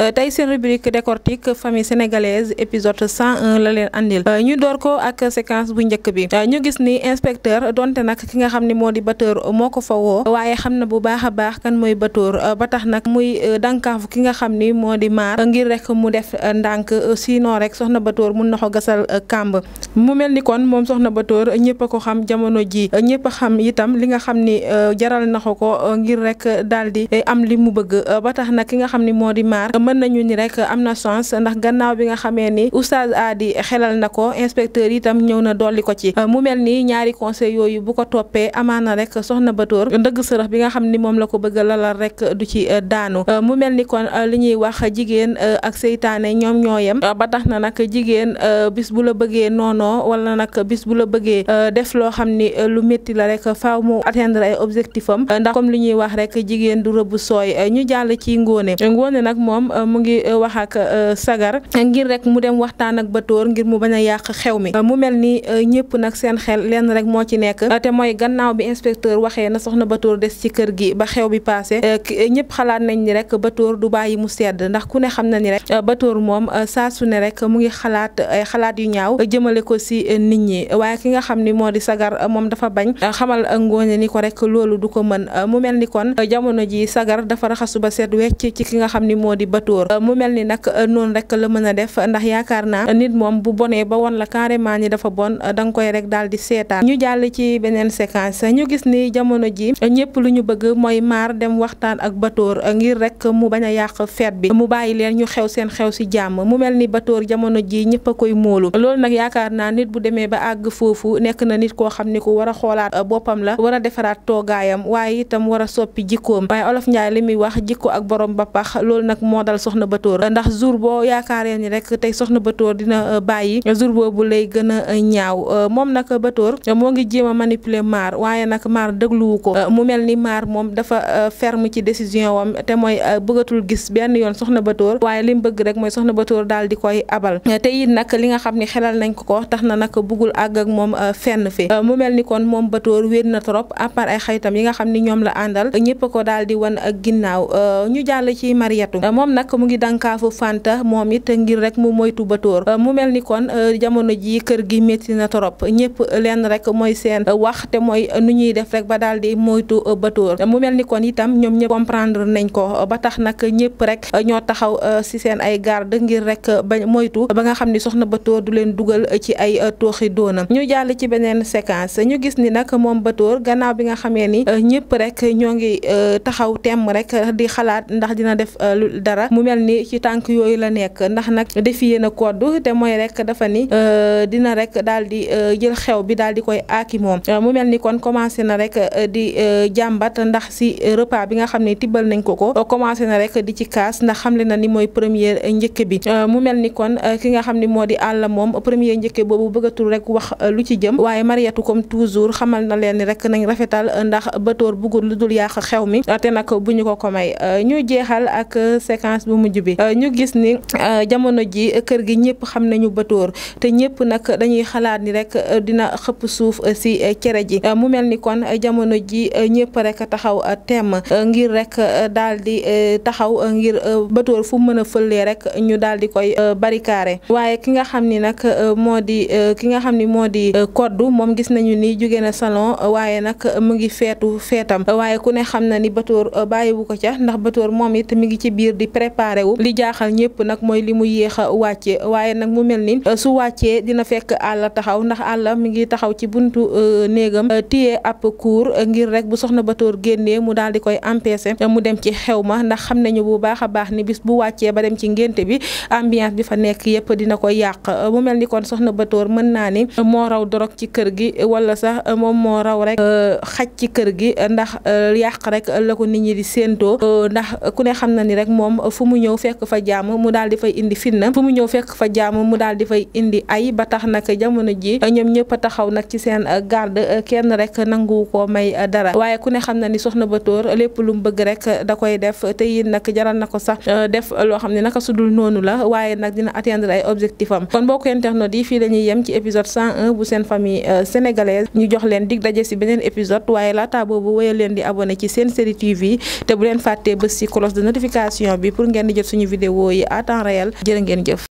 Euh, tey seen rubrique décortique famille sénégalaise épisode 101 la leen andil euh, ñu door ko ak séquence bu njëkk bi euh, ñu gis ni inspecteur donte nag ki nga xam ne moo di Bator moo ko fa woo waaye xam na bu baax a baax kan mooy Bator ba tax nag muy dànkaafu ki nga xam ni moo di maar ngir rek mu def ndànk sinon rek soxna Bator mun na ko gasal kàmb mu mel ni kon moom soxna Bator ñëpp ko xam jamono ji ñëpp xam itam li nga xam ni jaral na ko ko ngir rek daal di am li mu bëgg ba tax nag ki nga xam ni moo di maar mën nañu ni rek am na chance ndax gannaaw bi nga xamee ni oustaz Adi xelal na ko inspecteur itam ñëw na dolli ko ci mu mel ni ñaari conseil yooyu bu ko toppee amaana rek soxna Batoor ndëgg sërëx bi nga xam ni moom la ko bëgg lalal rek du ci euh, daanu euh, mu mel ni kon euh, li ñuy wax jigéen ak seytaane ñoom ñoo yem ba tax na nag jigéen bis bu la bëggee noono wala nag bis bu la bëggee def loo xam ni lu métti la rek faaw mu atteindre ay objectif ndax comme li ñuy wax rek jigéen du rëbb sooy ñu jàll Euh, mu ngi euh, wax ak euh, sagar ngir rek mu dem waxtaan ak batóor ngir mu bañ a yàq xew mi mu mel ni ñëpp nag seen xel lenn rek moo ci nekk te mooy gannaaw bi inspecteur waxee na soxna batóor des ci kër gi ba xew bi passé ñëpp xalaat nañ ni rek batóor du bàyyi mu sedd ndax ku ne xam na ni rek batóor moom saa su ne rek mu ngi xalaat ay xalaat yu ñaaw jëmale ko si nit ñi waaye ki nga xam ni moo di sagar moom dafa bañ xamal ngóone ni ko rek loolu du ko mën mu mel ni kon jamono ji sagar dafa raxasu ba set wecc ci ki nga xam ni moo di ba tuur mu mel ni nag euh, noonu rek la mën a def ndax yaakaar naa euh, nit moom bu bonee ba won la carrément ni dafa bon euh, da nga koy rek daal di seetaan ñu jàll ci beneen séquence ñu gis ni jamono ji ñëpp lu ñu bëgg mooy maar dem waxtaan ak Batoor ngir rek mu bañ a yàq feet bi mu bàyyi leen ñu xew seen xew si jàmm mu mel ni Batoor jamono ji ñëpp a koy móolu loolu nag yaakaar naa nit bu demee ba àgg foofu nekk na nit koo xam ni ko war a xoolaat boppam la war a defaraat toogaayam waaye itam dal soxna Batoor ndax jour boo yaakaaree ni rek tey soxna Batoor dina euh, bàyyi boo bu lay gën euh, ñaaw euh, moom nag Batoor moo ngi jéem a manipuler maar waaye nag maar dégluwu ko mu mel ni maar moom dafa ferm ci décision wam te mooy bëggatul gis benn yoon soxna Batoor waaye li mu bëgg rek mooy soxna Batoor daal di koy abal te it nag li nga xam ni xelal nañ ko ko tax na nag bëggul àgg ak moom fenn fi mu mel ni kon moom Batoor wéet na trop à part ay yi nga xam ni ñoom la àndal ñëpp ko daal di wan ginnaaw ñu jàll nag mu ngi dànkaafu Fanta moom it ngir rek mu moytu batóor euh, mu mel ni kon euh, jamono ji kër gi métti na torop ñëpp leen rek mooy seen wax te mooy nu ñuy def rek ba daal di moytu euh, batóor mu mel ni kon itam ñoom ñëpp comprendre nañ ko ba tax nag ñëpp rek ñoo taxaw si seen ay garde ngir rek ba moytu ba nga xam ni soxna batóor du leen dugal ci ay tooxi doonam ñu jàll ci beneen séquence ñu gis ni nag moom batóor gannaaw bi nga xamee ni ñëpp rek ñoo ngi taxaw temm rek di xalaat ndax dina def dara dara mu mel ni ci tànk yooyu la nekk ndax nag defiyee na koddu te mooy rek dafa ni euh, dina rek daal di euh, jël xew bi daal di koy aaki moom euh, mu mel ni kon commencé na rek di jàmbat ndax si repas bi nga xam ne tibbal nañ ko ko commencé na rek di ci kaas ndax xamle na ni mooy première njëkk bi mu mel ni kon ki nga xam ne moo di àll moom premier njëkk boobu bëggatul rekk wax lu ci jëm waaye Mariatu comme toujours xamal na leen ni rek nañ rafetal ndax bëtóor bugul lu dul yàq xew mi te nag bu ñu ko ko may ñu jeexal ak séquence dimanche bu mujj bi euh, ñu gis ni euh, jamono ji kër gi ñëpp xam nañu batoor te ñëpp nag dañuy xalaat ni rek euh, dina xëpp suuf si cere ji mu mel ni kon jamono ji ñëpp rek taxaw temm ngir rek daal di taxaw ngir batoor fu mën a fëllee rek ñu daal di koy barikaare waaye ki nga xam ni nag moo di ki nga xam ni moo di koddu moom gis nañu ni jóge na salon waaye nag mu ngi feetu feetam waaye ku ne xam na ni batóor bàyyiwu ko ca ndax batóor moom it mi ngi ci biir di pré préparé wu li jaaxal ñëpp nag mooy li mu yéex a wàcce waaye nag mu mel ni euh, su wàccee dina fekk àll taxaw ndax àll mi ngi taxaw ci buntu euh, néegam euh, téye ab kuur ngir rek bu soxna Batoor génnee mu daal di koy empêcher mu dem ci xew ma ndax xam nañu bu baax a baax ni bis bu wàccee ba dem ci ngénte bi ambiance bi fa nekk yépp dina ko yàq mu mel ni kon soxna Batoor mën naa ni moo raw dorog ci kër gi walla sax moom moo raw rek xaj ci kër gi ndax yàq rek la fu mu ñëw fekk fa jàmm mu daal di fay indi fitna fu mu ñëw fekk fa jàmm mu daal di fay indi ay ba tax nag jamono ji ñoom ñëpp a taxaw nag ci seen garde kenn rek nanguwu ko may dara waaye ku ne xam na ni soxna ba Batoor lépp lu mu bëgg rek da koy def te yéen nag jaral na ko sax euh, def loo xam ne naka sudul noonu la waaye nag dina atteindre ay objectifam am kon boo ko internet yi fii la ñuy yem ci épisode 101 bu seen famille euh, sénégalaise ñu jox leen dig daje si beneen épisode waaye laata boobu leen di abonné ci seen série TV te bu ngeen di jot suñu vidéo yi à temps réel jërë ngeen jëf